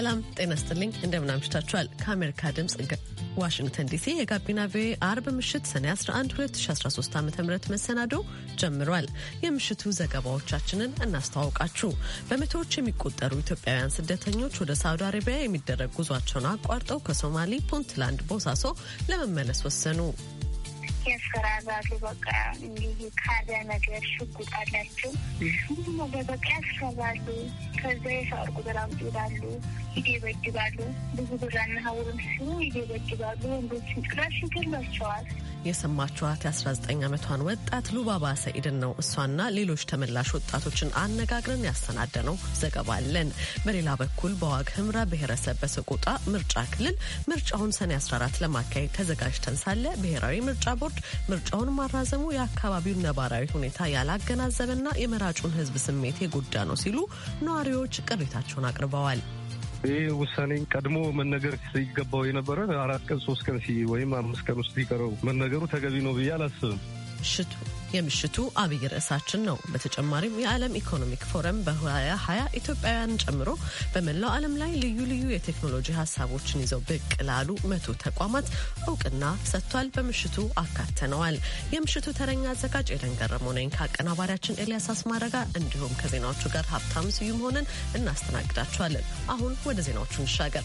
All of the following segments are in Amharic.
ሰላም ጤና ስጥልኝ፣ እንደምን አምሽታችኋል። ከአሜሪካ ድምፅ ዋሽንግተን ዲሲ የጋቢና ቪኦኤ አርብ ምሽት ሰኔ 11 2013 ዓ ም መሰናዶ ጀምሯል። የምሽቱ ዘገባዎቻችንን እናስተዋውቃችሁ። በመቶዎች የሚቆጠሩ ኢትዮጵያውያን ስደተኞች ወደ ሳውዲ አረቢያ የሚደረግ ጉዟቸውን አቋርጠው ከሶማሌ ፑንትላንድ ቦሳሶ ለመመለስ ወሰኑ። ያስፈራራሉ። በቃ እንዲህ ካደ ነገር ሽጉጥ አላቸው ሁሉም ነገር በቃ ያስፈራሉ። ከዛ የሰው ቁጥር አምጡ ይላሉ፣ ይደበድባሉ። ብዙ ብራና ሀውርም ሲሉ ይደበድባሉ። ወንዶችን ጭራሽ ይገሏቸዋል። የሰማችኋት የ19 ዓመቷን ወጣት ሉባባ ሰኢድን ነው። እሷና ሌሎች ተመላሽ ወጣቶችን አነጋግረን ያሰናደነው ዘገባ አለን። በሌላ በኩል በዋግ ህምራ ብሔረሰብ በሰቆጣ ምርጫ ክልል ምርጫውን ሰኔ 14 ለማካሄድ ተዘጋጅተን ሳለ ብሔራዊ ምርጫ ቦርድ ቦርድ ምርጫውን ማራዘሙ የአካባቢውን ነባራዊ ሁኔታ ያላገናዘበና የመራጩን ሕዝብ ስሜት የጎዳ ነው ሲሉ ነዋሪዎች ቅሬታቸውን አቅርበዋል። ይህ ውሳኔ ቀድሞ መነገር ሲገባው የነበረ አራት ቀን ሶስት ቀን ወይም አምስት ቀን ውስጥ ሲቀረው መነገሩ ተገቢ ነው ብዬ አላስብም። ሽቱ የምሽቱ አብይ ርዕሳችን ነው። በተጨማሪም የዓለም ኢኮኖሚክ ፎረም በ2020 ኢትዮጵያውያን ጨምሮ በመላው ዓለም ላይ ልዩ ልዩ የቴክኖሎጂ ሀሳቦችን ይዘው ብቅ ላሉ መቶ ተቋማት እውቅና ሰጥቷል። በምሽቱ አካተነዋል። የምሽቱ ተረኛ አዘጋጅ ኤደን ገረመው ነኝ ከአቀናባሪያችን ኤልያስ አስማረጋ እንዲሁም ከዜናዎቹ ጋር ሀብታም ስዩም ሆነን እናስተናግዳችኋለን። አሁን ወደ ዜናዎቹ እንሻገር።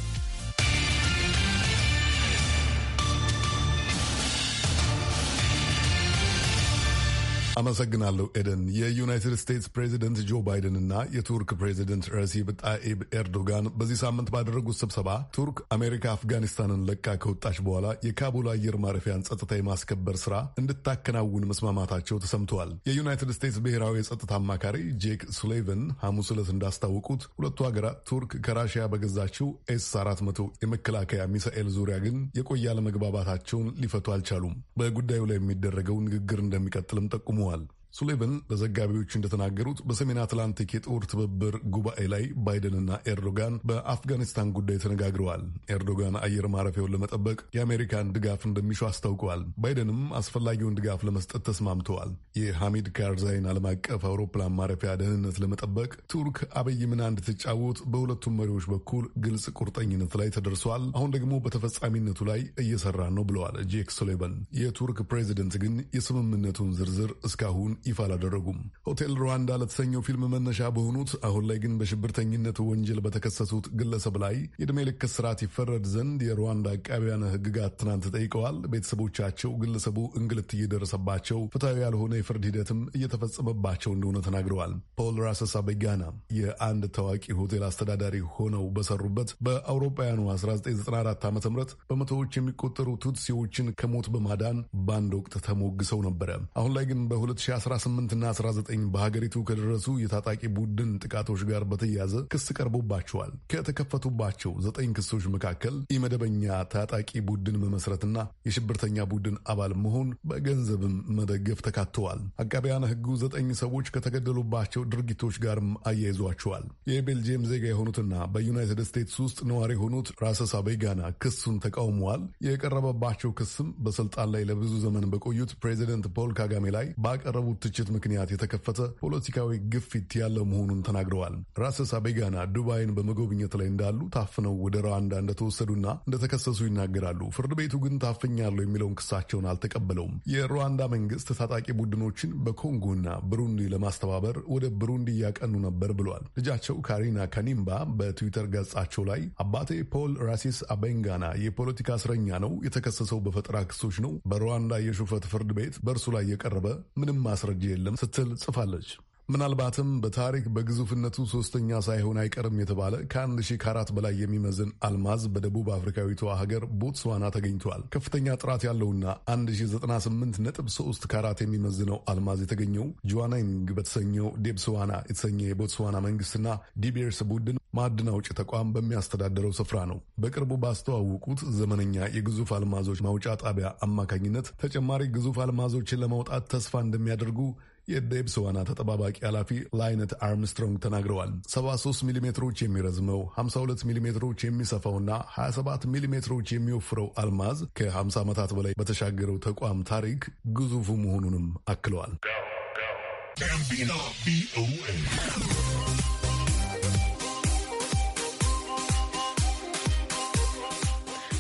አመሰግናለሁ ኤደን። የዩናይትድ ስቴትስ ፕሬዚደንት ጆ ባይደን እና የቱርክ ፕሬዚደንት ረሲብ ጣኢብ ኤርዶጋን በዚህ ሳምንት ባደረጉት ስብሰባ ቱርክ አሜሪካ አፍጋኒስታንን ለቃ ከወጣች በኋላ የካቡል አየር ማረፊያን ጸጥታ የማስከበር ስራ እንድታከናውን መስማማታቸው ተሰምተዋል። የዩናይትድ ስቴትስ ብሔራዊ የጸጥታ አማካሪ ጄክ ሱሌቨን ሐሙስ ዕለት እንዳስታወቁት ሁለቱ ሀገራት ቱርክ ከራሽያ በገዛችው ኤስ 400 የመከላከያ ሚሳኤል ዙሪያ ግን የቆየ አለመግባባታቸውን ሊፈቱ አልቻሉም። በጉዳዩ ላይ የሚደረገው ንግግር እንደሚቀጥልም ጠቁመዋል። الأموال ሱሌቨን ለዘጋቢዎች እንደተናገሩት በሰሜን አትላንቲክ የጦር ትብብር ጉባኤ ላይ ባይደንና ኤርዶጋን በአፍጋኒስታን ጉዳይ ተነጋግረዋል። ኤርዶጋን አየር ማረፊያውን ለመጠበቅ የአሜሪካን ድጋፍ እንደሚሹ አስታውቀዋል። ባይደንም አስፈላጊውን ድጋፍ ለመስጠት ተስማምተዋል። የሐሚድ ካርዛይን ዓለም አቀፍ አውሮፕላን ማረፊያ ደህንነት ለመጠበቅ ቱርክ አብይ ሚና እንድትጫወት በሁለቱም መሪዎች በኩል ግልጽ ቁርጠኝነት ላይ ተደርሷል። አሁን ደግሞ በተፈጻሚነቱ ላይ እየሰራ ነው ብለዋል ጄክ ሱሌቨን። የቱርክ ፕሬዚደንት ግን የስምምነቱን ዝርዝር እስካሁን ይፋ አላደረጉም። ሆቴል ሩዋንዳ ለተሰኘው ፊልም መነሻ በሆኑት አሁን ላይ ግን በሽብርተኝነት ወንጀል በተከሰሱት ግለሰብ ላይ የዕድሜ ልክ እስራት ይፈረድ ዘንድ የሩዋንዳ አቃቢያን ሕግጋት ትናንት ጠይቀዋል። ቤተሰቦቻቸው ግለሰቡ እንግልት እየደረሰባቸው ፍትሐዊ ያልሆነ የፍርድ ሂደትም እየተፈጸመባቸው እንደሆነ ተናግረዋል። ፖል ራሰሳ በጋና የአንድ ታዋቂ ሆቴል አስተዳዳሪ ሆነው በሰሩበት በአውሮፓውያኑ 1994 ዓ ም በመቶዎች የሚቆጠሩ ቱትሲዎችን ከሞት በማዳን በአንድ ወቅት ተሞግሰው ነበረ። አሁን ላይ ግን በ2014 18 ና 19 በሀገሪቱ ከደረሱ የታጣቂ ቡድን ጥቃቶች ጋር በተያያዘ ክስ ቀርቦባቸዋል። ከተከፈቱባቸው ዘጠኝ ክሶች መካከል የመደበኛ ታጣቂ ቡድን መመስረትና የሽብርተኛ ቡድን አባል መሆን በገንዘብም መደገፍ ተካተዋል። አቃቢያነ ሕጉ ዘጠኝ ሰዎች ከተገደሉባቸው ድርጊቶች ጋርም አያይዟቸዋል። የቤልጅየም ዜጋ የሆኑትና በዩናይትድ ስቴትስ ውስጥ ነዋሪ የሆኑት ራሰሳ ቤጋና ክሱን ተቃውመዋል። የቀረበባቸው ክስም በስልጣን ላይ ለብዙ ዘመን በቆዩት ፕሬዚደንት ፖል ካጋሜ ላይ ባቀረቡ ትችት ምክንያት የተከፈተ ፖለቲካዊ ግፊት ያለ መሆኑን ተናግረዋል። ራሰስ አቤጋና ዱባይን በመጎብኘት ላይ እንዳሉ ታፍነው ወደ ሩዋንዳ እንደተወሰዱና እንደተከሰሱ ይናገራሉ። ፍርድ ቤቱ ግን ታፍኛለሁ የሚለውን ክሳቸውን አልተቀበለውም። የሩዋንዳ መንግስት ታጣቂ ቡድኖችን በኮንጎና ብሩንዲ ለማስተባበር ወደ ብሩንዲ እያቀኑ ነበር ብሏል። ልጃቸው ካሪና ከኒምባ በትዊተር ገጻቸው ላይ አባቴ ፖል ራሲስ አቤንጋና የፖለቲካ እስረኛ ነው፣ የተከሰሰው በፈጠራ ክሶች ነው። በሩዋንዳ የሹፈት ፍርድ ቤት በእርሱ ላይ የቀረበ ምንም ማስረ ማስረጃ የለም ስትል ጽፋለች። ምናልባትም በታሪክ በግዙፍነቱ ሶስተኛ ሳይሆን አይቀርም የተባለ ከአንድ ሺህ ከአራት በላይ የሚመዝን አልማዝ በደቡብ አፍሪካዊቷ ሀገር ቦትስዋና ተገኝቷል። ከፍተኛ ጥራት ያለውና 1098.3 ካራት የሚመዝነው አልማዝ የተገኘው ጁዋናንግ በተሰኘው ዴብስዋና የተሰኘ የቦትስዋና መንግስትና ዲቤርስ ቡድን ማዕድን አውጭ ተቋም በሚያስተዳደረው ስፍራ ነው። በቅርቡ ባስተዋወቁት ዘመነኛ የግዙፍ አልማዞች ማውጫ ጣቢያ አማካኝነት ተጨማሪ ግዙፍ አልማዞችን ለማውጣት ተስፋ እንደሚያደርጉ የደብስ ዋና ተጠባባቂ ኃላፊ ላይነት አርምስትሮንግ ተናግረዋል። 73 ሚሊሜትሮች የሚረዝመው 52 ሚሊሜትሮች የሚሰፋውና 27 ሚሊሜትሮች የሚወፍረው አልማዝ ከ50 ዓመታት በላይ በተሻገረው ተቋም ታሪክ ግዙፉ መሆኑንም አክለዋል።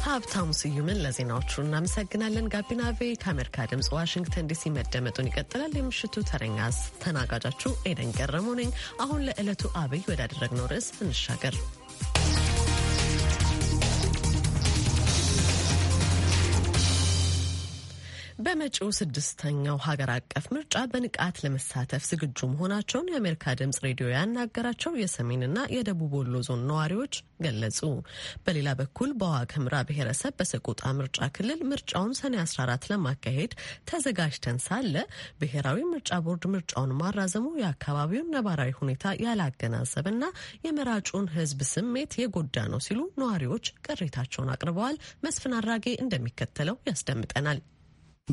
ሀብታሙ ስዩምን ለዜናዎቹ እናመሰግናለን። ጋቢና ቬ ከአሜሪካ ድምፅ ዋሽንግተን ዲሲ መደመጡን ይቀጥላል። የምሽቱ ተረኛ አስተናጋጃችሁ ኤደን ገረሙ ነኝ። አሁን ለዕለቱ አብይ ወዳደረግነው ርዕስ እንሻገር። በመጪው ስድስተኛው ሀገር አቀፍ ምርጫ በንቃት ለመሳተፍ ዝግጁ መሆናቸውን የአሜሪካ ድምጽ ሬዲዮ ያናገራቸው የሰሜንና የደቡብ ወሎ ዞን ነዋሪዎች ገለጹ። በሌላ በኩል በዋግ ኽምራ ብሔረሰብ በሰቆጣ ምርጫ ክልል ምርጫውን ሰኔ 14 ለማካሄድ ተዘጋጅተን ሳለ ብሔራዊ ምርጫ ቦርድ ምርጫውን ማራዘሙ የአካባቢውን ነባራዊ ሁኔታ ያላገናዘበና የመራጩን ሕዝብ ስሜት የጎዳ ነው ሲሉ ነዋሪዎች ቅሬታቸውን አቅርበዋል። መስፍን አራጌ እንደሚከተለው ያስደምጠናል።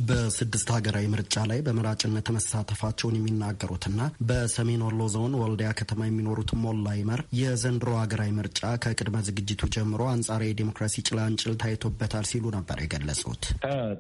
በስድስት ሀገራዊ ምርጫ ላይ በመራጭነት መሳተፋቸውን የሚናገሩትና በሰሜን ወሎ ዞን ወልዲያ ከተማ የሚኖሩት ሞላ ይመር የዘንድሮ ሀገራዊ ምርጫ ከቅድመ ዝግጅቱ ጀምሮ አንጻራዊ ዴሞክራሲ ጭላንጭል ታይቶበታል ሲሉ ነበር የገለጹት።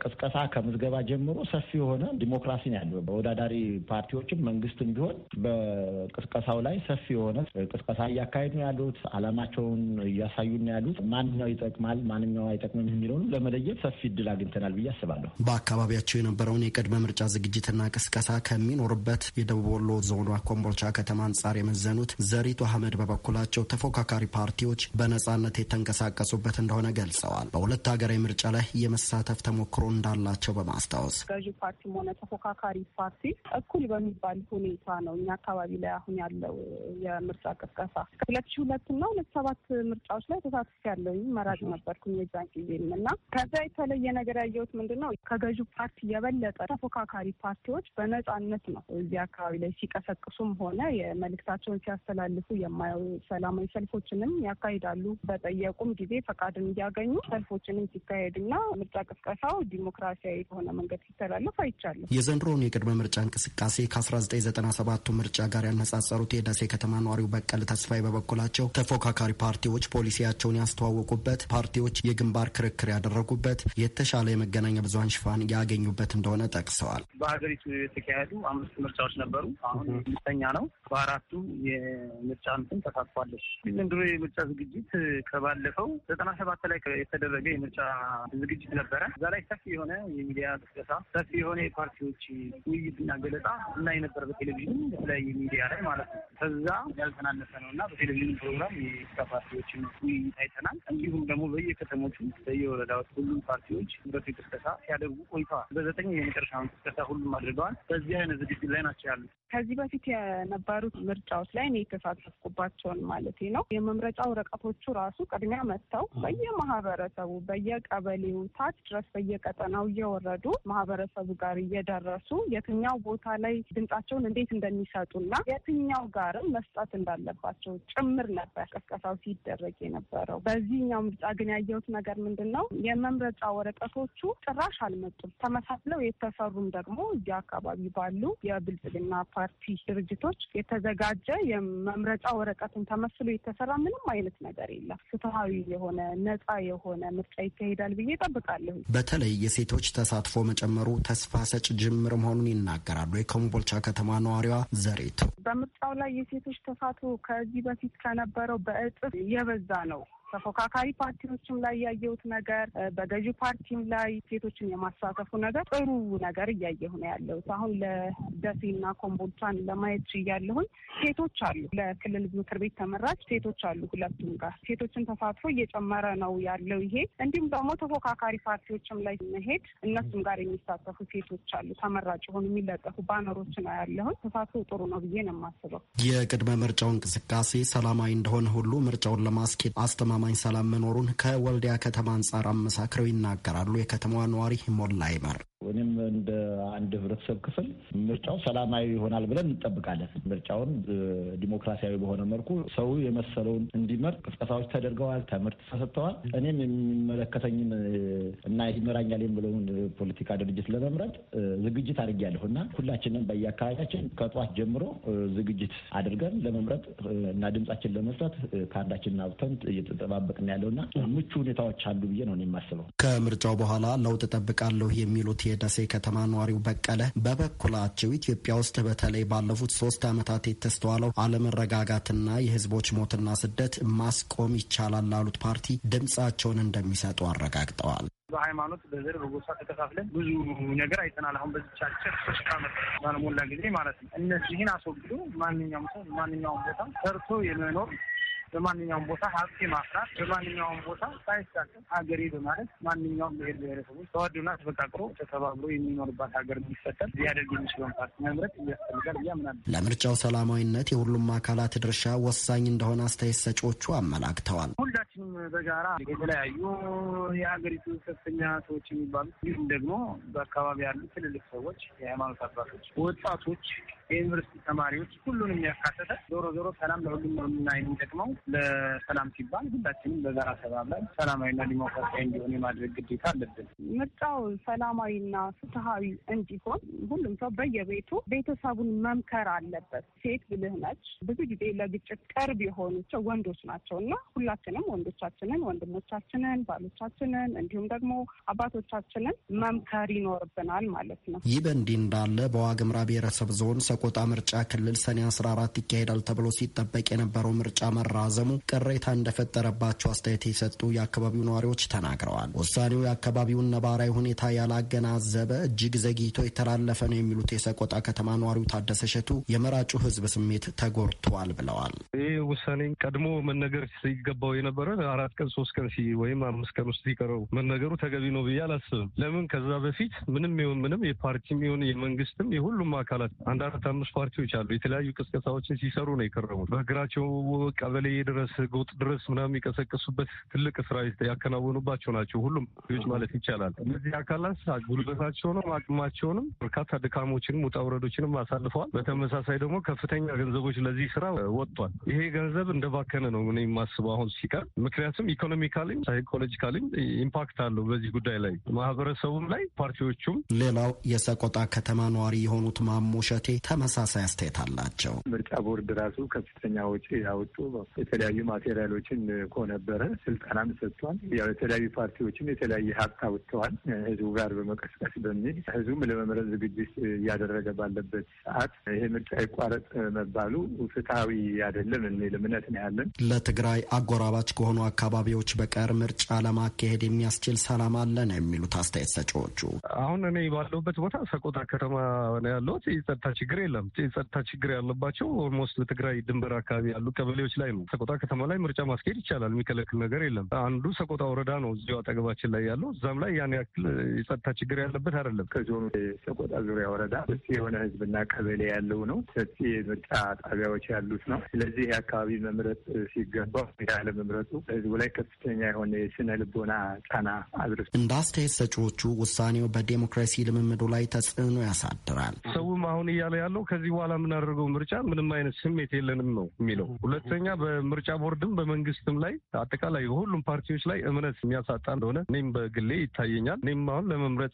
ከቅስቀሳ ከምዝገባ ጀምሮ ሰፊ የሆነ ዲሞክራሲ ነው ያለው። በወዳዳሪ ፓርቲዎችም መንግስትም ቢሆን በቅስቀሳው ላይ ሰፊ የሆነ ቅስቀሳ እያካሄዱ ነው ያሉት። አላማቸውን እያሳዩ ነው ያሉት። ማንኛው ይጠቅማል፣ ማንኛው አይጠቅምም የሚለውንም ለመለየት ሰፊ እድል አግኝተናል ብዬ አስባለሁ። በአካባቢያቸው የነበረውን የቅድመ ምርጫ ዝግጅትና ቅስቀሳ ከሚኖርበት የደቡብ ወሎ ዞኗ ኮምቦልቻ ከተማ አንጻር የመዘኑት ዘሪቱ አህመድ በበኩላቸው ተፎካካሪ ፓርቲዎች በነጻነት የተንቀሳቀሱበት እንደሆነ ገልጸዋል። በሁለት ሀገራዊ ምርጫ ላይ የመሳተፍ ተሞክሮ እንዳላቸው በማስታወስ ገዢ ፓርቲም ሆነ ተፎካካሪ ፓርቲ እኩል በሚባል ሁኔታ ነው እኛ አካባቢ ላይ አሁን ያለው የምርጫ ቅስቀሳ ከሁለት ሺ ሁለት እና ሁለት ሰባት ምርጫዎች ላይ ተሳትፍ ያለው መራጭ ነበርኩኝ የዛን ጊዜም እና ከዛ የተለየ ነገር ያየሁት ምንድን ነው ከገዢ ፓርቲ የበለጠ ተፎካካሪ ፓርቲዎች በነጻነት ነው እዚህ አካባቢ ላይ ሲቀሰቅሱም ሆነ የመልእክታቸውን ሲያስተላልፉ የማየው ሰላማዊ ሰልፎችንም ያካሂዳሉ። በጠየቁም ጊዜ ፈቃድን እያገኙ ሰልፎችንም ሲካሄድና ምርጫ ቅስቀሳው ዲሞክራሲያዊ በሆነ መንገድ ሲተላለፍ አይቻለሁ። የዘንድሮውን የቅድመ ምርጫ እንቅስቃሴ ከ1997ቱ ምርጫ ጋር ያነጻጸሩት የደሴ ከተማ ነዋሪው በቀል ተስፋዬ በበኩላቸው ተፎካካሪ ፓርቲዎች ፖሊሲያቸውን ያስተዋወቁበት፣ ፓርቲዎች የግንባር ክርክር ያደረጉበት፣ የተሻለ የመገናኛ ብዙሀን ሽፋን ያ ያገኙበት እንደሆነ ጠቅሰዋል። በሀገሪቱ የተካሄዱ አምስት ምርጫዎች ነበሩ። አሁን አምስተኛ ነው። በአራቱ የምርጫ እንትን ተሳትፏለች። ዘንድሮ የምርጫ ዝግጅት ከባለፈው ዘጠና ሰባት ላይ የተደረገ የምርጫ ዝግጅት ነበረ። እዛ ላይ ሰፊ የሆነ የሚዲያ ቅስቀሳ፣ ሰፊ የሆነ የፓርቲዎች ውይይትና ገለጻ እና የነበረ በቴሌቪዥን በተለያዩ ሚዲያ ላይ ማለት ነው። ከዛ ያልተናነሰ ነው እና በቴሌቪዥን ፕሮግራም የስራ ፓርቲዎችን ውይይት አይተናል። እንዲሁም ደግሞ በየከተሞቹ በየወረዳዎች ሁሉም ፓርቲዎች ምረቱ ቅስቀሳ ሲያደርጉ ቆይታ ጨርሰዋል። በዘጠኝ የመጨረሻውን ቅስቀሳ ሁሉም አድርገዋል። በዚህ አይነት ዝግጅት ላይ ናቸው ያሉት። ከዚህ በፊት የነበሩት ምርጫዎች ላይ እኔ የተሳተፍኩባቸውን ማለት ነው። የመምረጫ ወረቀቶቹ ራሱ ቅድሚያ መጥተው በየማህበረሰቡ በየቀበሌው ታች ድረስ በየቀጠናው እየወረዱ ማህበረሰቡ ጋር እየደረሱ የትኛው ቦታ ላይ ድምጻቸውን እንዴት እንደሚሰጡና የትኛው ጋርም መስጠት እንዳለባቸው ጭምር ነበር ቀስቀሳው ሲደረግ የነበረው። በዚህኛው ምርጫ ግን ያየሁት ነገር ምንድን ነው? የመምረጫ ወረቀቶቹ ጭራሽ አልመጡም። ተመሳስለው የተሰሩም ደግሞ እዚህ አካባቢ ባሉ የብልጽግና ፓርቲ ድርጅቶች የተዘጋጀ የመምረጫ ወረቀትን ተመስሎ የተሰራ ምንም አይነት ነገር የለም። ፍትሀዊ የሆነ ነጻ የሆነ ምርጫ ይካሄዳል ብዬ ጠብቃለሁ። በተለይ የሴቶች ተሳትፎ መጨመሩ ተስፋ ሰጭ ጅምር መሆኑን ይናገራሉ የኮምቦልቻ ከተማ ነዋሪዋ ዘሬቱ። በምርጫው ላይ የሴቶች ተሳትፎ ከዚህ በፊት ከነበረው በእጥፍ የበዛ ነው። ተፎካካሪ ፓርቲዎችም ላይ ያየሁት ነገር በገዢ ፓርቲም ላይ ሴቶችን የማሳተፉ ነገር ጥሩ ነገር እያየሁ ነው ያለሁት። አሁን ለደሴና ኮምቦልቻን ለማየት ችያለሁኝ። ሴቶች አሉ፣ ለክልል ምክር ቤት ተመራጭ ሴቶች አሉ። ሁለቱም ጋር ሴቶችን ተሳትፎ እየጨመረ ነው ያለው ይሄ። እንዲሁም ደግሞ ተፎካካሪ ፓርቲዎችም ላይ መሄድ እነሱም ጋር የሚሳተፉ ሴቶች አሉ። ተመራጭ የሆኑ የሚለጠፉ ባነሮች ነው ያለሁን። ተሳትፎ ጥሩ ነው ብዬ ነው የማስበው። የቅድመ ምርጫው እንቅስቃሴ ሰላማዊ እንደሆነ ሁሉ ምርጫውን ለማስኬድ አስተማ አስተማማኝ ሰላም መኖሩን ከወልዲያ ከተማ አንጻር አመሳክረው ይናገራሉ የከተማዋ ነዋሪ ሞላ ይመር ወይም እንደ አንድ ህብረተሰብ ክፍል ምርጫው ሰላማዊ ይሆናል ብለን እንጠብቃለን። ምርጫውን ዲሞክራሲያዊ በሆነ መልኩ ሰው የመሰለውን እንዲመርጥ ቅስቀሳዎች ተደርገዋል፣ ትምህርት ተሰጥተዋል። እኔም የሚመለከተኝን እና ይመራኛል የምለውን ፖለቲካ ድርጅት ለመምረጥ ዝግጅት አድርጌያለሁ እና ሁላችንም በየአካባቢያችን ከጠዋት ጀምሮ ዝግጅት አድርገን ለመምረጥ እና ድምጻችን ለመስጠት ከአንዳችን አብተን እየተጠባበቅን ያለውና ምቹ ሁኔታዎች አሉ ብዬ ነው የማስበው። ከምርጫው በኋላ ለውጥ እጠብቃለሁ የሚሉት የደሴ ከተማ ነዋሪው በቀለ በበኩላቸው ኢትዮጵያ ውስጥ በተለይ ባለፉት ሶስት ዓመታት የተስተዋለው አለመረጋጋትና የህዝቦች ሞትና ስደት ማስቆም ይቻላል ላሉት ፓርቲ ድምጻቸውን እንደሚሰጡ አረጋግጠዋል። በሃይማኖት፣ በዘር፣ በጎሳ ተከፋፍለን ብዙ ነገር አይተናል። አሁን በዚች ሶስት ዓመት ባለሞላ ጊዜ ማለት ነው። እነዚህን አስወግዶ ማንኛውም ሰው ማንኛውም ቦታ ሰርቶ የመኖር በማንኛውም ቦታ ሀብት ማፍራት በማንኛውም ቦታ ሳይሳቀም ሀገሬ በማለት ማንኛውም ብሄር ብሄረሰቦች ተዋዶና ተፈቃቅሮ ተተባብሮ የሚኖርባት ሀገር እንዲፈጠር ሊያደርግ የሚችለውን ፓርቲ መምረጥ እያስፈልጋል እያምናለ። ለምርጫው ሰላማዊነት የሁሉም አካላት ድርሻ ወሳኝ እንደሆነ አስተያየት ሰጪዎቹ አመላክተዋል። ሁላችንም በጋራ የተለያዩ የሀገሪቱ ከፍተኛ ሰዎች የሚባሉት እንዲሁም ደግሞ በአካባቢ ያሉ ትልልቅ ሰዎች፣ የሃይማኖት አባቶች፣ ወጣቶች የዩኒቨርሲቲ ተማሪዎች ሁሉንም ያካተተ ዞሮ ዞሮ ሰላም ለሁሉም ነው እና የሚጠቅመው ለሰላም ሲባል ሁላችንም በጋራ ተባብለን ሰላማዊና ዲሞክራሲያዊ እንዲሆን የማድረግ ግዴታ አለብን። ምርጫው ሰላማዊና ፍትሀዊ እንዲሆን ሁሉም ሰው በየቤቱ ቤተሰቡን መምከር አለበት። ሴት ብልህ ነች። ብዙ ጊዜ ለግጭት ቅርብ የሆኑቸው ወንዶች ናቸው እና ሁላችንም ወንዶቻችንን፣ ወንድሞቻችንን፣ ባሎቻችንን እንዲሁም ደግሞ አባቶቻችንን መምከር ይኖርብናል ማለት ነው። ይህ በእንዲህ እንዳለ በዋግምራ ብሔረሰብ ዞን ሰቆጣ ምርጫ ክልል ሰኔ 14 ይካሄዳል ተብሎ ሲጠበቅ የነበረው ምርጫ መራዘሙ ቅሬታ እንደፈጠረባቸው አስተያየት የሰጡ የአካባቢው ነዋሪዎች ተናግረዋል። ውሳኔው የአካባቢውን ነባራዊ ሁኔታ ያላገናዘበ እጅግ ዘግይቶ የተላለፈ ነው የሚሉት የሰቆጣ ከተማ ነዋሪው ታደሰ ሸቱ የመራጩ ህዝብ ስሜት ተጎድቷል ብለዋል። ይህ ውሳኔ ቀድሞ መነገር ሲገባው የነበረ አራት ቀን ሶስት ቀን ወይም አምስት ቀን ውስጥ ሲቀረው መነገሩ ተገቢ ነው ብዬ አላስብም። ለምን ከዛ በፊት ምንም ይሁን ምንም የፓርቲም ይሁን የመንግስትም የሁሉም አካላት አንድ ታናሽ ፓርቲዎች አሉ። የተለያዩ ቅስቀሳዎችን ሲሰሩ ነው የከረሙት። በእግራቸው ቀበሌ ድረስ ጎጥ ድረስ ምናምን የቀሰቀሱበት ትልቅ ስራ ያከናወኑባቸው ናቸው። ሁሉም ፓርቲዎች ማለት ይቻላል። እነዚህ አካላት ጉልበታቸውንም አቅማቸውንም በርካታ ድካሞችንም ውጣ ውረዶችንም አሳልፈዋል። በተመሳሳይ ደግሞ ከፍተኛ ገንዘቦች ለዚህ ስራ ወጥቷል። ይሄ ገንዘብ እንደባከነ ነው እኔ የማስበው አሁን ሲቀር። ምክንያቱም ኢኮኖሚካሊም ሳይኮሎጂካሊም ኢምፓክት አለው በዚህ ጉዳይ ላይ ማህበረሰቡም ላይ ፓርቲዎቹም። ሌላው የሰቆጣ ከተማ ነዋሪ የሆኑት ማሞሸቴ ተመሳሳይ አስተያየት አላቸው። ምርጫ ቦርድ ራሱ ከፍተኛ ወጪ ያወጡ የተለያዩ ማቴሪያሎችን እኮ ነበረ። ስልጠናም ሰጥቷል። ያው የተለያዩ ፓርቲዎችም የተለያየ ሀብት አውጥተዋል ህዝቡ ጋር በመቀስቀስ በሚል ህዝቡም ለመምረጥ ዝግጅት እያደረገ ባለበት ሰዓት ይሄ ምርጫ ይቋረጥ መባሉ ፍትሐዊ አይደለም የሚል እምነት ነው ያለን። ለትግራይ አጎራባች ከሆኑ አካባቢዎች በቀር ምርጫ ለማካሄድ የሚያስችል ሰላም አለ ነው የሚሉት አስተያየት ሰጪዎቹ። አሁን እኔ ባለሁበት ቦታ ሰቆጣ ከተማ ነው ያለሁት። የጸጥታ ችግር የለም። የጸጥታ ችግር ያለባቸው ኦልሞስት በትግራይ ድንበር አካባቢ ያሉ ቀበሌዎች ላይ ነው። ሰቆጣ ከተማ ላይ ምርጫ ማስኬድ ይቻላል። የሚከለክል ነገር የለም። አንዱ ሰቆጣ ወረዳ ነው እዚሁ አጠገባችን ላይ ያለው። እዛም ላይ ያን ያክል የጸጥታ ችግር ያለበት አይደለም። ከዞኑ ሰቆጣ ዙሪያ ወረዳ ሰፊ የሆነ ህዝብና ቀበሌ ያለው ነው። ሰፊ የምርጫ ጣቢያዎች ያሉት ነው። ስለዚህ አካባቢ መምረጥ ሲገባው መምረጡ ህዝቡ ላይ ከፍተኛ የሆነ የስነ ልቦና ጫና አድርስ እንደ አስተያየት ሰጪዎቹ ውሳኔው በዴሞክራሲ ልምምዱ ላይ ተጽዕኖ ያሳድራል። ሰውም አሁን እያለ ያለ ያለው ከዚህ በኋላ የምናደርገው ምርጫ ምንም አይነት ስሜት የለንም ነው የሚለው። ሁለተኛ በምርጫ ቦርድም በመንግስትም ላይ አጠቃላይ ሁሉም ፓርቲዎች ላይ እምነት የሚያሳጣ እንደሆነ እኔም በግሌ ይታየኛል። እኔም አሁን ለመምረጥ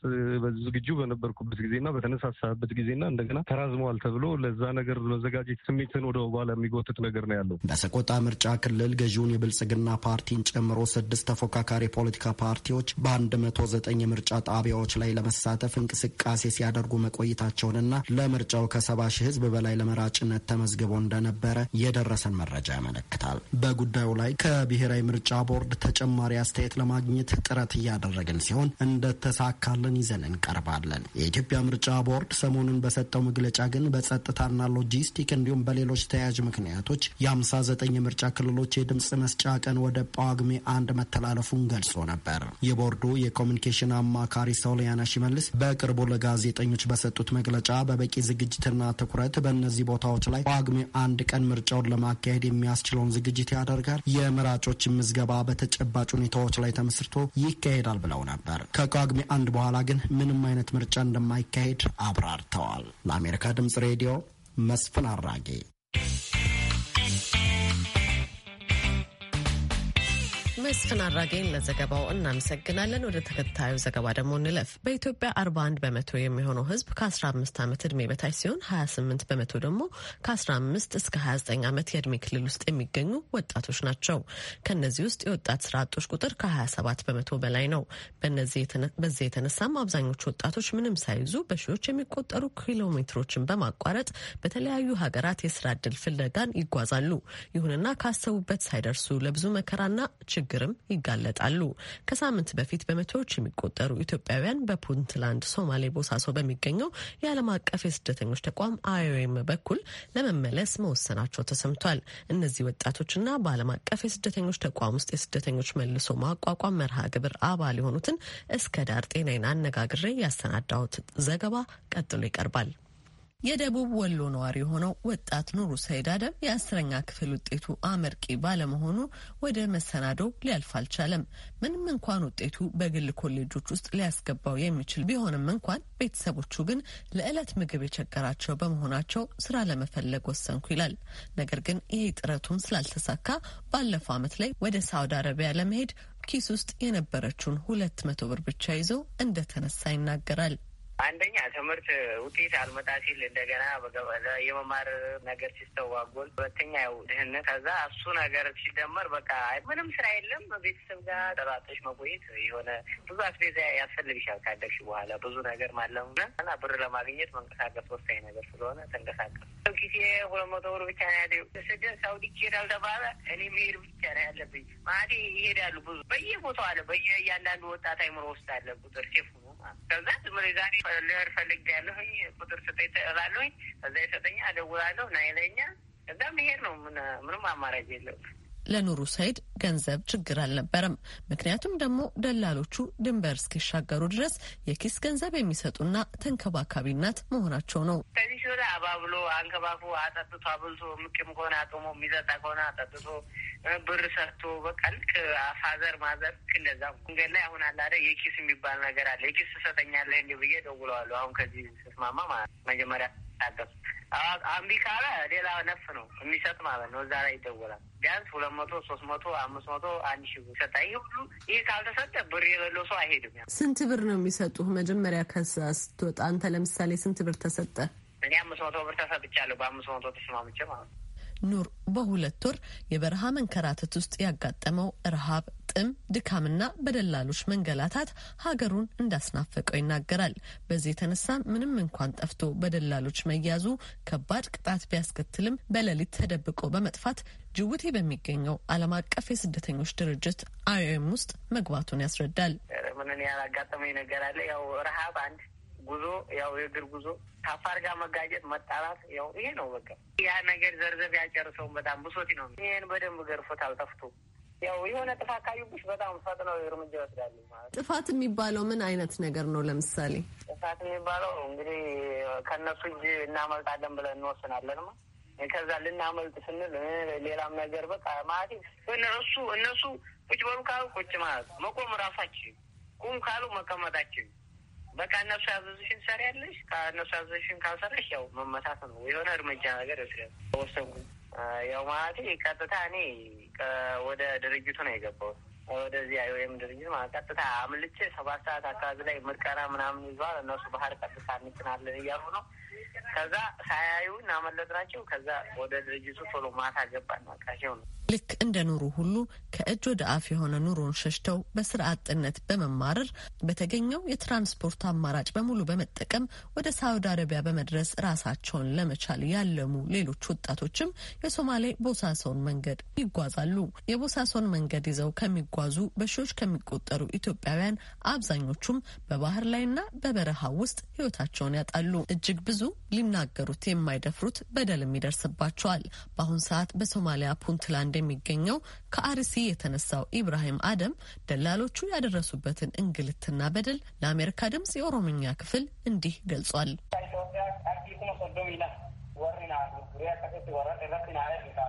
ዝግጁ በነበርኩበት ጊዜና በተነሳሳበት ጊዜና እንደገና ተራዝመዋል ተብሎ ለዛ ነገር መዘጋጀት ስሜትን ወደ በኋላ የሚጎትት ነገር ነው ያለው። በሰቆጣ ምርጫ ክልል ገዢውን የብልጽግና ፓርቲን ጨምሮ ስድስት ተፎካካሪ የፖለቲካ ፓርቲዎች በአንድ መቶ ዘጠኝ የምርጫ ጣቢያዎች ላይ ለመሳተፍ እንቅስቃሴ ሲያደርጉ መቆየታቸውንና ለምርጫው ከ ከሰባ ሺህ ህዝብ በላይ ለመራጭነት ተመዝግቦ እንደነበረ የደረሰን መረጃ ያመለክታል። በጉዳዩ ላይ ከብሔራዊ ምርጫ ቦርድ ተጨማሪ አስተያየት ለማግኘት ጥረት እያደረግን ሲሆን እንደተሳካልን ይዘን እንቀርባለን። የኢትዮጵያ ምርጫ ቦርድ ሰሞኑን በሰጠው መግለጫ ግን በጸጥታና ሎጂስቲክ እንዲሁም በሌሎች ተያያዥ ምክንያቶች የ59 የምርጫ ክልሎች የድምፅ መስጫ ቀን ወደ ጳጉሜ አንድ መተላለፉን ገልጾ ነበር። የቦርዱ የኮሚኒኬሽን አማካሪ ሶሊያና ሽመልስ በቅርቡ ለጋዜጠኞች በሰጡት መግለጫ በበቂ ዝግጅትን ዋና ትኩረት በእነዚህ ቦታዎች ላይ ጳጉሜ አንድ ቀን ምርጫውን ለማካሄድ የሚያስችለውን ዝግጅት ያደርጋል። የመራጮች ምዝገባ በተጨባጭ ሁኔታዎች ላይ ተመስርቶ ይካሄዳል ብለው ነበር። ከጳጉሜ አንድ በኋላ ግን ምንም አይነት ምርጫ እንደማይካሄድ አብራርተዋል። ለአሜሪካ ድምጽ ሬዲዮ መስፍን አራጌ መስፍን አድራጌን ለዘገባው እናመሰግናለን። ወደ ተከታዩ ዘገባ ደግሞ እንለፍ። በኢትዮጵያ 41 በመቶ የሚሆነው ህዝብ ከ15 ዓመት እድሜ በታች ሲሆን 28 በመቶ ደግሞ ከ15 እስከ 29 ዓመት የእድሜ ክልል ውስጥ የሚገኙ ወጣቶች ናቸው። ከእነዚህ ውስጥ የወጣት ስራ አጦች ቁጥር ከ27 በመቶ በላይ ነው። በዚህ የተነሳም አብዛኞቹ ወጣቶች ምንም ሳይዙ በሺዎች የሚቆጠሩ ኪሎሜትሮችን በማቋረጥ በተለያዩ ሀገራት የስራ እድል ፍለጋን ይጓዛሉ። ይሁንና ካሰቡበት ሳይደርሱ ለብዙ መከራና ችግር ችግርም ይጋለጣሉ። ከሳምንት በፊት በመቶዎች የሚቆጠሩ ኢትዮጵያውያን በፑንትላንድ ሶማሌ ቦሳሶ በሚገኘው የዓለም አቀፍ የስደተኞች ተቋም አይኦኤም በኩል ለመመለስ መወሰናቸው ተሰምቷል። እነዚህ ወጣቶችና በዓለም አቀፍ የስደተኞች ተቋም ውስጥ የስደተኞች መልሶ ማቋቋም መርሃ ግብር አባል የሆኑትን እስከ ዳር ጤናዬን አነጋግሬ ያሰናዳሁት ዘገባ ቀጥሎ ይቀርባል። የደቡብ ወሎ ነዋሪ የሆነው ወጣት ኑሩ ሰይድ አደም የአስረኛ ክፍል ውጤቱ አመርቂ ባለመሆኑ ወደ መሰናዶ ሊያልፍ አልቻለም። ምንም እንኳን ውጤቱ በግል ኮሌጆች ውስጥ ሊያስገባው የሚችል ቢሆንም እንኳን ቤተሰቦቹ ግን ለዕለት ምግብ የቸገራቸው በመሆናቸው ስራ ለመፈለግ ወሰንኩ ይላል። ነገር ግን ይሄ ጥረቱን ስላልተሳካ ባለፈው ዓመት ላይ ወደ ሳውዲ አረቢያ ለመሄድ ኪስ ውስጥ የነበረችውን ሁለት መቶ ብር ብቻ ይዘው እንደተነሳ ይናገራል። አንደኛ ትምህርት ውጤት አልመጣ ሲል እንደገና የመማር ነገር ሲስተዋጎል፣ ሁለተኛ ያው ድህነት፣ ከዛ እሱ ነገር ሲደመር በቃ ምንም ስራ የለም። ቤተሰብ ጋር ጠባጦች መቆየት የሆነ ብዙ አስቤዛ ያስፈልግሻል ካደግሽ በኋላ ብዙ ነገር ማለሙና እና ብር ለማግኘት መንቀሳቀስ ወሳኝ ነገር ስለሆነ ተንቀሳቀስ። ጊዜ ሁለት መቶ ብር ብቻ ነው ያለ ስደት ሳውዲ ይሄዳል ተባለ። እኔ መሄድ ብቻ ነው ያለብኝ። ማለቴ ይሄዳሉ ብዙ በየቦታው አለ በየእያንዳንዱ ወጣት አይምሮ ውስጥ አለ ቁጥር ሴፉ ከዛ ዝም ብሎ ዛሬ ፈልግ ያለሁኝ ቁጥር ስጠኝ እላለሁኝ። ከዛ ይሰጠኛል፣ እደውላለሁ፣ ና ይለኛል። ከዛ መሄድ ነው። ምንም አማራጭ የለውም። ለኑሩ ሰይድ ገንዘብ ችግር አልነበረም። ምክንያቱም ደግሞ ደላሎቹ ድንበር እስኪሻገሩ ድረስ የኪስ ገንዘብ የሚሰጡና ተንከባካቢ እናት መሆናቸው ነው። ከዚህ ሲወዳ አባብሎ አንከባክቦ አጠጥቶ አብልቶ ምቅም ከሆነ አቅሞ የሚጠጣ ከሆነ አጠጥቶ ብር ሰርቶ በቃ ልክ ፋዘር ማዘር እንደዛ መንገድ ላይ አሁን አላደ የኪስ የሚባል ነገር አለ። የኪስ ትሰጠኛለህ እንዲህ ብዬ ደውለዋለሁ። አሁን ከዚህ ስትማማ ማለት መጀመሪያ የሚታገሱ አምቢ ካለ ሌላ ነፍ ነው የሚሰጥ ማለት ነው። እዛ ላይ ይደወላል። ቢያንስ ሁለት መቶ ሶስት መቶ አምስት መቶ አንድ ሺ ይሰጣ። ይህ ሁሉ ይህ ካልተሰጠ ብር የሌለው ሰው አይሄድም። ስንት ብር ነው የሚሰጡ መጀመሪያ ከዛ ስትወጣ? አንተ ለምሳሌ ስንት ብር ተሰጠ? እኔ አምስት መቶ ብር ተሰጥቻለሁ። በአምስት መቶ ተስማምቼ ማለት ነው ኑር በሁለት ወር የበረሃ መንከራተት ውስጥ ያጋጠመው ረሃብ፣ ጥም፣ ድካምና በደላሎች መንገላታት ሀገሩን እንዳስናፈቀው ይናገራል። በዚህ የተነሳ ምንም እንኳን ጠፍቶ በደላሎች መያዙ ከባድ ቅጣት ቢያስከትልም በሌሊት ተደብቆ በመጥፋት ጅቡቲ በሚገኘው ዓለም አቀፍ የስደተኞች ድርጅት አይኦኤም ውስጥ መግባቱን ያስረዳል። ምንን ያላጋጠመኝ ነገር አለ ያው ረሃብ አንድ ጉዞ ያው የእግር ጉዞ ከአፋር ጋር መጋጀት መጣላት ያው ይሄ ነው በቃ። ያ ነገር ዘርዘብ ያጨርሰውን በጣም ብሶት ነው። ይህን በደንብ ገርፎት አልጠፍቶ ያው የሆነ ጥፋት ካዩብሽ በጣም ፈጥነው እርምጃ ይወስዳሉ። ማለት ጥፋት የሚባለው ምን አይነት ነገር ነው? ለምሳሌ ጥፋት የሚባለው እንግዲህ ከእነሱ እጅ እናመልጣለን ብለን እንወስናለን ማ ከዛ ልናመልጥ ስንል ሌላም ነገር በቃ ማለት እነሱ እነሱ ቁጭ በሉ ካሉ ቁጭ ማለት መቆም ራሳችን ቁም ካሉ መቀመጣችን በቃ እነሱ ያዘዙሽን ትሰሪያለሽ፣ ከእነሱ ያዘዙሽን ካልሰራሽ ያው መመታት ነው። የሆነ እርምጃ ነገር ይወስዳል። ወሰንኩ ያው ማለት ቀጥታ እኔ ወደ ድርጅቱ ነው የገባሁት። ወደዚህ አይወይም ድርጅት ማለት ቀጥታ አምልቼ ሰባት ሰዓት አካባቢ ላይ ምርቀና ምናምን ይዘዋል እነሱ ባህር ቀጥታ እንጭናለን እያሉ ነው ከዛ እናመለጥ ናቸው። ከዛ ወደ ድርጅቱ ቶሎ ማታ ገባን። ማቃቸው ነው። ልክ እንደ ኑሩ ሁሉ ከእጅ ወደ አፍ የሆነ ኑሮን ሸሽተው በስራ አጥነት በመማረር በተገኘው የትራንስፖርት አማራጭ በሙሉ በመጠቀም ወደ ሳውዲ አረቢያ በመድረስ ራሳቸውን ለመቻል ያለሙ ሌሎች ወጣቶችም የሶማሌ ቦሳሶን መንገድ ይጓዛሉ። የቦሳሶን መንገድ ይዘው ከሚጓዙ በሺዎች ከሚቆጠሩ ኢትዮጵያውያን አብዛኞቹም በባህር ላይና በበረሃ ውስጥ ህይወታቸውን ያጣሉ። እጅግ ብዙ ሊናገሩት የማይደፍሩት በደልም ይደርስባቸዋል። በአሁን ሰዓት በሶማሊያ ፑንትላንድ የሚገኘው ከአርሲ የተነሳው ኢብራሂም አደም ደላሎቹ ያደረሱበትን እንግልትና በደል ለአሜሪካ ድምጽ የኦሮምኛ ክፍል እንዲህ ገልጿል።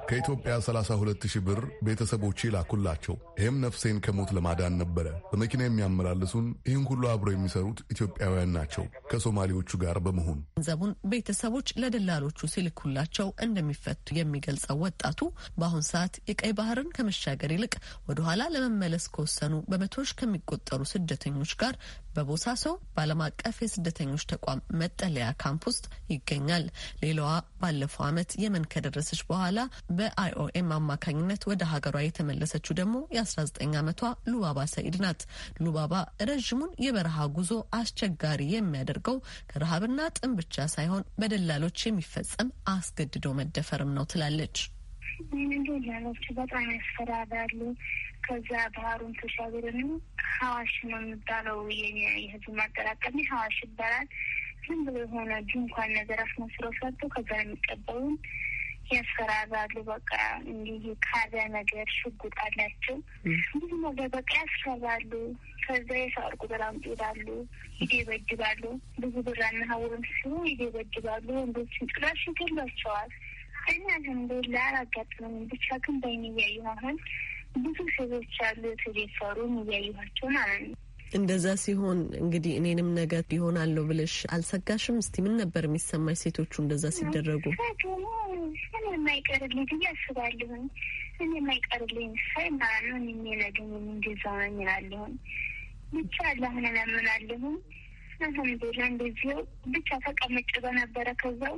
ከኢትዮጵያ 32 ሺህ ብር ቤተሰቦቼ ላኩላቸው። ይህም ነፍሴን ከሞት ለማዳን ነበረ። በመኪና የሚያመላልሱን ይህን ሁሉ አብረው የሚሰሩት ኢትዮጵያውያን ናቸው፣ ከሶማሌዎቹ ጋር በመሆን ገንዘቡን ቤተሰቦች ለደላሎቹ ሲልኩላቸው እንደሚፈቱ የሚገልጸው ወጣቱ በአሁን ሰዓት የቀይ ባህርን ከመሻገር ይልቅ ወደኋላ ለመመለስ ከወሰኑ በመቶዎች ከሚቆጠሩ ስደተኞች ጋር በቦሳሶ በዓለም አቀፍ የስደተኞች ተቋም መጠለያ ካምፕ ውስጥ ይገኛል። ሌላዋ ባለፈው ዓመት የመን ከደረሰች በኋላ በአይኦኤም አማካኝነት ወደ ሀገሯ የተመለሰችው ደግሞ የ19 ዓመቷ ሉባባ ሰኢድ ናት። ሉባባ ረዥሙን የበረሃ ጉዞ አስቸጋሪ የሚያደርገው ከረሃብና ጥም ብቻ ሳይሆን በደላሎች የሚፈጸም አስገድዶ መደፈርም ነው ትላለች። ደላሎቹ በጣም ያስፈራራሉ። ከዚያ ባህሩን ተሻገረን ሀዋሽ ነው የሚባለው የህዝብ ማጠራቀሚ ሀዋሽ ይባላል። ዝም ብሎ የሆነ ድንኳን ነገር አስመስሎ ሰጡ። ከዛ የሚቀበሉን ያስፈራራሉ። በቃ እንዲህ ካለ ነገር ሽጉጥ አላቸው ብዙ ነገር በቃ ያስፈራሉ። ከዛ የሰዓት ቁጥር አምጡ ይላሉ፣ ይደበድባሉ። ብዙ ብር አናሀውርም ሲሉ ይደበድባሉ። ወንዶችን ጭራሽ ይገሏቸዋል። እኛ አልሐምዱሊላህ አላጋጥመንም። ብቻ ግን በይን እያየሁ አሁን ብዙ ሴቶች ያሉት ሪፈሩም እያየኋቸው ማለት ነው። እንደዛ ሲሆን እንግዲህ እኔንም ነገ ይሆናለሁ ብለሽ አልሰጋሽም? እስቲ ምን ነበር የሚሰማሽ ሴቶቹ እንደዛ ሲደረጉ? እኔ የማይቀርልኝ ብዬ አስባለሁኝ። እኔ የማይቀርልኝ ሳይ ማለት ነው። እኔ ነገኝም እንደዛው ነው እምላለሁኝ። ብቻ አላህን እለምናለሁኝ። አልሐምዱሊላህ እንደዚሁ ብቻ ተቀምጬ በነበረ ከዛው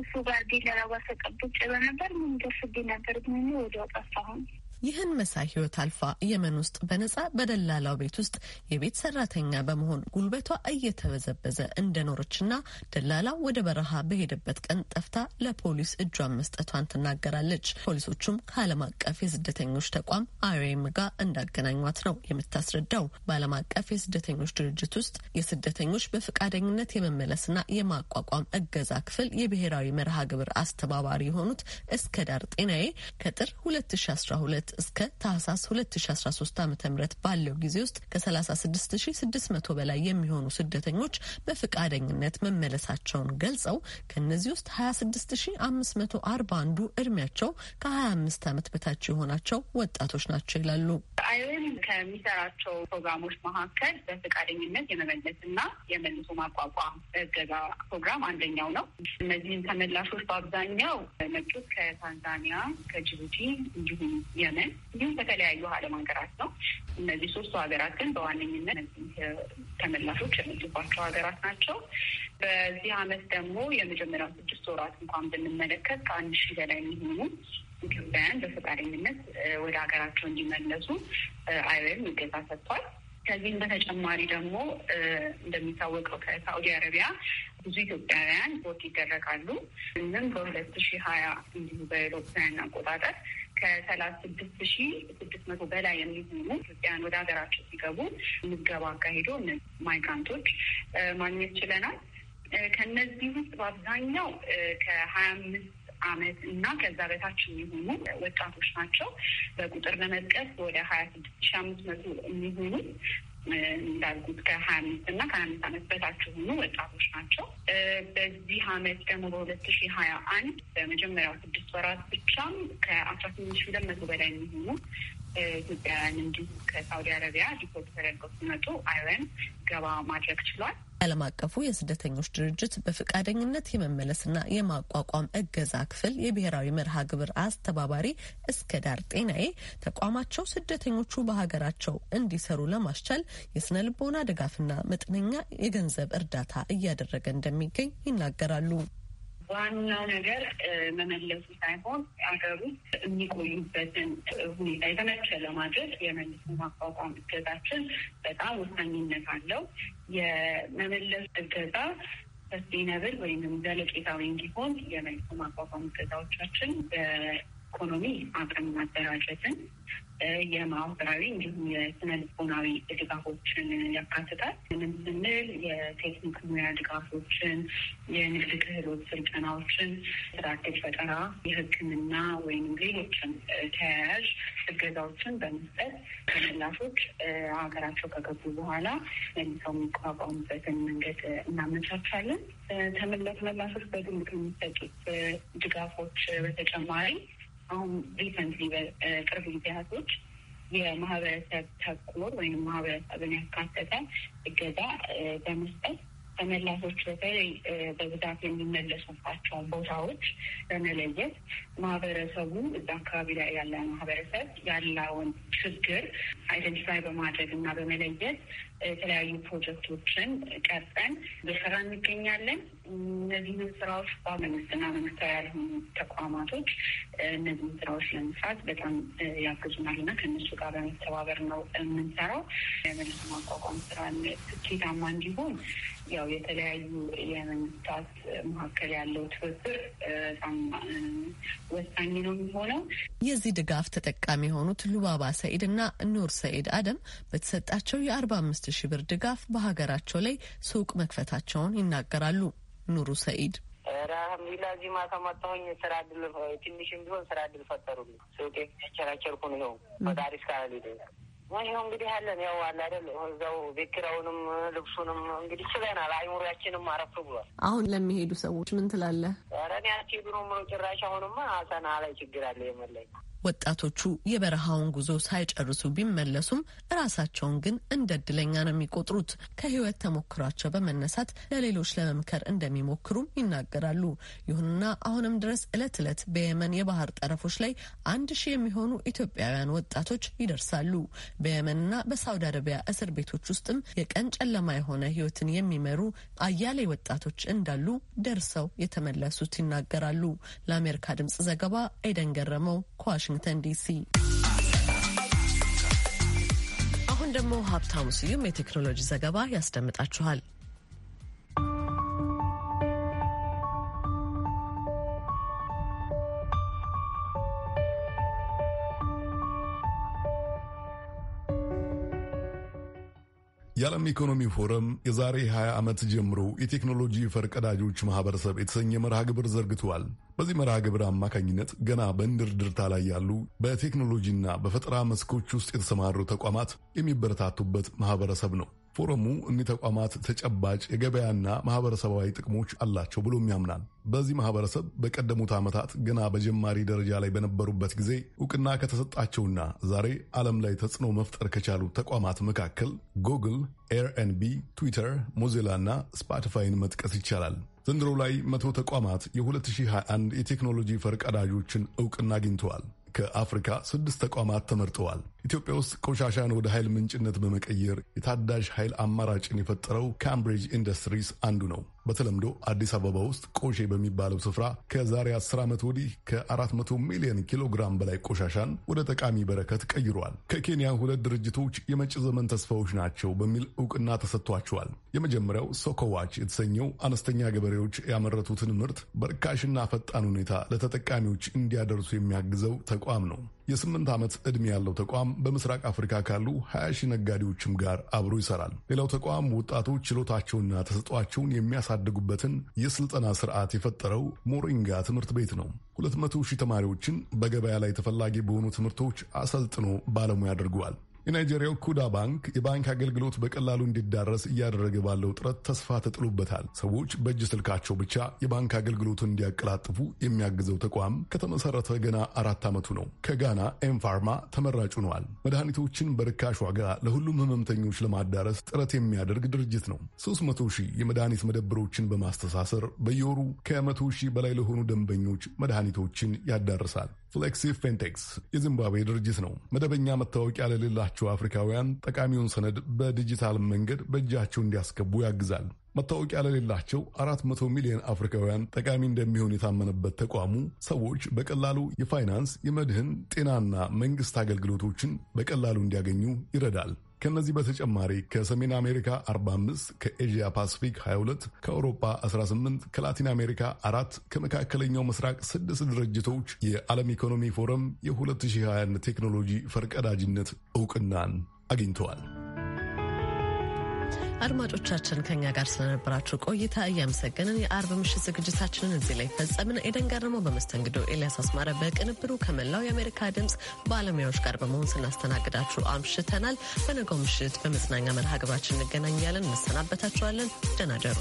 እሱ ጋር ዲለረባ ተቀብጬ በነበር ምን ደርስብኝ ነበር ግን ወደ ጠፋሁኝ። ይህን መሳይ ህይወት አልፋ የመን ውስጥ በነጻ በደላላው ቤት ውስጥ የቤት ሰራተኛ በመሆን ጉልበቷ እየተበዘበዘ እንደኖረችና ደላላው ወደ በረሃ በሄደበት ቀን ጠፍታ ለፖሊስ እጇን መስጠቷን ትናገራለች። ፖሊሶቹም ከዓለም አቀፍ የስደተኞች ተቋም አይኦኤም ጋር እንዳገናኟት ነው የምታስረዳው። በዓለም አቀፍ የስደተኞች ድርጅት ውስጥ የስደተኞች በፈቃደኝነት የመመለስና የማቋቋም እገዛ ክፍል የብሔራዊ መርሃ ግብር አስተባባሪ የሆኑት እስከ ዳር ጤናዬ ከጥር 2012 እስከ ታህሳስ 2013 ዓ ም ባለው ጊዜ ውስጥ ከ36600 በላይ የሚሆኑ ስደተኞች በፈቃደኝነት መመለሳቸውን ገልጸው ከእነዚህ ውስጥ 26541ዱ እድሜያቸው ከ25 ዓመት በታች የሆናቸው ወጣቶች ናቸው ይላሉ። አይን ከሚሰራቸው ፕሮግራሞች መካከል በፈቃደኝነት የመመለስና የመልሶ ማቋቋም እገዛ ፕሮግራም አንደኛው ነው። እነዚህም ተመላሾች በአብዛኛው መጡት ከታንዛኒያ፣ ከጅቡቲ እንዲሁም በጀርመን እንዲሁም በተለያዩ ዓለም ሀገራት ነው። እነዚህ ሶስቱ ሀገራት ግን በዋነኝነት ተመላሾች የሚገባቸው ሀገራት ናቸው። በዚህ አመት ደግሞ የመጀመሪያው ስድስት ወራት እንኳን ብንመለከት ከአንድ ሺህ በላይ የሚሆኑ ኢትዮጵያውያን በፈቃደኝነት ወደ ሀገራቸው እንዲመለሱ አይወይም እገዛ ሰጥቷል። ከዚህም በተጨማሪ ደግሞ እንደሚታወቀው ከሳኡዲ አረቢያ ብዙ ኢትዮጵያውያን ቦት ይደረጋሉ። እንም በሁለት ሺህ ሀያ እንዲሁ በኤሮፓውያን አቆጣጠር ከሰላሳ ስድስት ሺ ስድስት መቶ በላይ የሚሆኑ ኢትዮጵያውያን ወደ ሀገራቸው ሲገቡ ምዝገባ አካሂዶ ማይግራንቶች ማግኘት ችለናል። ከነዚህ ውስጥ በአብዛኛው ከሀያ አምስት አመት እና ከዛ በታች የሚሆኑ ወጣቶች ናቸው። በቁጥር ለመጥቀስ ወደ ሀያ ስድስት ሺ አምስት መቶ የሚሆኑ እንዳልኩት ከሀያ አምስት እና ከሀያ አምስት አመት በታች የሆኑ ወጣቶች ናቸው። በዚህ አመት ደግሞ በሁለት ሺ ሀያ አንድ በመጀመሪያው ስድስት ወራት ብቻም ከአስራ ስምንት ሺህ ሁለት መቶ በላይ የሚሆኑ ኢትዮጵያውያን እንዲሁ ከሳውዲ አረቢያ ዲፖርት ተደርገው ሲመጡ አይወን ገባ ማድረግ ችሏል። ዓለም አቀፉ የስደተኞች ድርጅት በፈቃደኝነት የመመለስና የማቋቋም እገዛ ክፍል የብሔራዊ መርሃ ግብር አስተባባሪ እስከ ዳር ጤናዬ ተቋማቸው ስደተኞቹ በሀገራቸው እንዲሰሩ ለማስቻል የስነ ልቦና ድጋፍና መጠነኛ የገንዘብ እርዳታ እያደረገ እንደሚገኝ ይናገራሉ። ዋናው ነገር መመለሱ ሳይሆን ውስጥ የሚቆዩበትን ሁኔታ የተመቸ ለማድረግ የመልሶ ማቋቋም እገዛችን በጣም ወሳኝነት አለው። የመመለስ እገዛ ሰስቴነብል ወይም ዘለቄታዊ እንዲሆን የመልሶ ማቋቋም እገዛዎቻችን በኢኮኖሚ አቅም ማደራጀትን የማህበራዊ እንዲሁም የስነ ልቦናዊ ድጋፎችን ያካትታል። ምንም ስንል የቴክኒክ ሙያ ድጋፎችን፣ የንግድ ክህሎት ስልጠናዎችን፣ ስራ ዕድል ፈጠራ፣ የሕክምና ወይም ሌሎችም ተያያዥ እገዛዎችን በመስጠት ተመላሾች ሀገራቸው ከገቡ በኋላ መልሰው የሚቋቋሙበትን መንገድ እናመቻቻለን። ተመላሽ መላሾች በግል ከሚሰጡት ድጋፎች በተጨማሪ አሁን ሪሰንትሊ በቅርብ ጊዜያቶች የማህበረሰብ ተኮር ወይም ማህበረሰብን ያካተተ እገዛ በመስጠት ተመላሾች በተለይ በብዛት የሚመለሱባቸውን ቦታዎች በመለየት ማህበረሰቡ እዛ አካባቢ ላይ ያለ ማህበረሰብ ያለውን ችግር አይደንቲፋይ በማድረግ እና በመለየት የተለያዩ ፕሮጀክቶችን ቀርጸን በስራ እንገኛለን። እነዚህን ስራዎች በመንግስትና መንግስታዊ ያልሆኑ ተቋማቶች እነዚህን ስራዎች ለመስራት በጣም ያግዙናል እና ከእነሱ ጋር በመተባበር ነው የምንሰራው። የመልሶ ማቋቋም ስራ ስኬታማ እንዲሆን ያው የተለያዩ የመንግስታት መካከል ያለው ትብብር በጣም ወሳኝ ነው የሚሆነው። የዚህ ድጋፍ ተጠቃሚ የሆኑት ሉባባ ሰኢድ እና ኑር ሰኢድ አደም በተሰጣቸው የአርባ አምስት አምስት ሺህ ብር ድጋፍ በሀገራቸው ላይ ሱቅ መክፈታቸውን ይናገራሉ። ኑሩ ሰኢድ ኧረ አልሐምዱሊላህ እዚህ ማታ መጣሁኝ። ስራ እድል ትንሽም ቢሆን ስራ እድል ፈጠሩልኝ። ሱቅ የተቸራቸርኩን ነው ፈጣሪ እስካላል ይኸው እንግዲህ ያለን ያው አለ አይደል እዛው ቤት ኪራዩንም ልብሱንም እንግዲህ ችለናል። አይሙሪያችንም አረፍ ብሏል። አሁን ለሚሄዱ ሰዎች ምን ትላለህ? ኧረ እኔ አትሄዱ ነው የምለው ጭራሽ። አሁንማ አሰና ላይ ችግር አለ የመለኝ ወጣቶቹ የበረሃውን ጉዞ ሳይጨርሱ ቢመለሱም ራሳቸውን ግን እንደ እድለኛ ነው የሚቆጥሩት። ከህይወት ተሞክሯቸው በመነሳት ለሌሎች ለመምከር እንደሚሞክሩም ይናገራሉ። ይሁንና አሁንም ድረስ እለት እለት በየመን የባህር ጠረፎች ላይ አንድ ሺህ የሚሆኑ ኢትዮጵያውያን ወጣቶች ይደርሳሉ። በየመንና በሳውዲ አረቢያ እስር ቤቶች ውስጥም የቀን ጨለማ የሆነ ህይወትን የሚመሩ አያሌ ወጣቶች እንዳሉ ደርሰው የተመለሱት ይናገራሉ። ለአሜሪካ ድምጽ ዘገባ ኤደን ገረመው ከዋሽንግተን ዋሽንግተን ዲሲ። አሁን ደግሞ ሀብታሙ ስዩም የቴክኖሎጂ ዘገባ ያስደምጣችኋል። የዓለም ኢኮኖሚ ፎረም የዛሬ 20 ዓመት ጀምሮ የቴክኖሎጂ ፈርቀዳጆች ማህበረሰብ የተሰኘ መርሃ ግብር ዘርግተዋል። በዚህ መርሃ ግብር አማካኝነት ገና በእንድርድርታ ላይ ያሉ በቴክኖሎጂና በፈጠራ መስኮች ውስጥ የተሰማሩ ተቋማት የሚበረታቱበት ማህበረሰብ ነው። ፎረሙ እኒህ ተቋማት ተጨባጭ የገበያና ማህበረሰባዊ ጥቅሞች አላቸው ብሎም ያምናል። በዚህ ማህበረሰብ በቀደሙት ዓመታት ገና በጀማሪ ደረጃ ላይ በነበሩበት ጊዜ እውቅና ከተሰጣቸውና ዛሬ ዓለም ላይ ተጽዕኖ መፍጠር ከቻሉ ተቋማት መካከል ጉግል፣ ኤርኤንቢ፣ ትዊተር፣ ሞዚላ እና ስፖቲፋይን መጥቀስ ይቻላል። ዘንድሮ ላይ መቶ ተቋማት የ2021 የቴክኖሎጂ ፈርቀዳጆችን እውቅና አግኝተዋል። ከአፍሪካ ስድስት ተቋማት ተመርጠዋል። ኢትዮጵያ ውስጥ ቆሻሻን ወደ ኃይል ምንጭነት በመቀየር የታዳሽ ኃይል አማራጭን የፈጠረው ካምብሪጅ ኢንዱስትሪስ አንዱ ነው። በተለምዶ አዲስ አበባ ውስጥ ቆሼ በሚባለው ስፍራ ከዛሬ 10 ዓመት ወዲህ ከ400 ሚሊዮን ኪሎ ግራም በላይ ቆሻሻን ወደ ጠቃሚ በረከት ቀይሯል። ከኬንያ ሁለት ድርጅቶች የመጪ ዘመን ተስፋዎች ናቸው በሚል እውቅና ተሰጥቷቸዋል። የመጀመሪያው ሶኮዋች የተሰኘው አነስተኛ ገበሬዎች ያመረቱትን ምርት በርካሽና ፈጣን ሁኔታ ለተጠቃሚዎች እንዲያደርሱ የሚያግዘው ተቋም ነው። የስምንት ዓመት ዕድሜ ያለው ተቋም በምስራቅ አፍሪካ ካሉ 20 ሺህ ነጋዴዎችም ጋር አብሮ ይሰራል። ሌላው ተቋም ወጣቶች ችሎታቸውና ተሰጧቸውን የሚያሳድጉበትን የስልጠና ስርዓት የፈጠረው ሞሪንጋ ትምህርት ቤት ነው። 200 ሺህ ተማሪዎችን በገበያ ላይ ተፈላጊ በሆኑ ትምህርቶች አሰልጥኖ ባለሙያ አድርገዋል። የናይጄሪያው ኩዳ ባንክ የባንክ አገልግሎት በቀላሉ እንዲዳረስ እያደረገ ባለው ጥረት ተስፋ ተጥሎበታል። ሰዎች በእጅ ስልካቸው ብቻ የባንክ አገልግሎቱን እንዲያቀላጥፉ የሚያግዘው ተቋም ከተመሰረተ ገና አራት ዓመቱ ነው። ከጋና ኤምፋርማ ተመራጭ ሆነዋል። መድኃኒቶችን በርካሽ ዋጋ ለሁሉም ህመምተኞች ለማዳረስ ጥረት የሚያደርግ ድርጅት ነው። 300 ሺህ የመድኃኒት መደብሮችን በማስተሳሰር በየወሩ ከመቶ ሺህ በላይ ለሆኑ ደንበኞች መድኃኒቶችን ያዳርሳል። ፍሌክሲ ፌንቴክስ የዚምባብዌ ድርጅት ነው። መደበኛ መታወቂያ ለሌላቸው አፍሪካውያን ጠቃሚውን ሰነድ በዲጂታል መንገድ በእጃቸው እንዲያስገቡ ያግዛል። መታወቂያ ለሌላቸው አራት መቶ ሚሊዮን አፍሪካውያን ጠቃሚ እንደሚሆን የታመነበት ተቋሙ ሰዎች በቀላሉ የፋይናንስ፣ የመድህን፣ ጤናና መንግስት አገልግሎቶችን በቀላሉ እንዲያገኙ ይረዳል። ከነዚህ በተጨማሪ ከሰሜን አሜሪካ 45፣ ከኤዥያ ፓስፊክ 22፣ ከአውሮፓ 18፣ ከላቲን አሜሪካ 4 ከመካከለኛው ምስራቅ ስድስት ድርጅቶች የዓለም ኢኮኖሚ ፎረም የ2021 ቴክኖሎጂ ፈርቀዳጅነት እውቅናን አግኝተዋል። አድማጮቻችን ከኛ ጋር ስለነበራችሁ ቆይታ እያመሰገንን የአርብ ምሽት ዝግጅታችንን እዚህ ላይ ፈጸምን። ኤደን ገረመው በመስተንግዶ፣ ኤልያስ አስማረ በቅንብሩ ከመላው የአሜሪካ ድምፅ ባለሙያዎች ጋር በመሆን ስናስተናግዳችሁ አምሽተናል። በነገው ምሽት በመዝናኛ መርሃ ግብራችን እንገናኛለን። እንሰናበታችኋለን። ደህና ደሩ።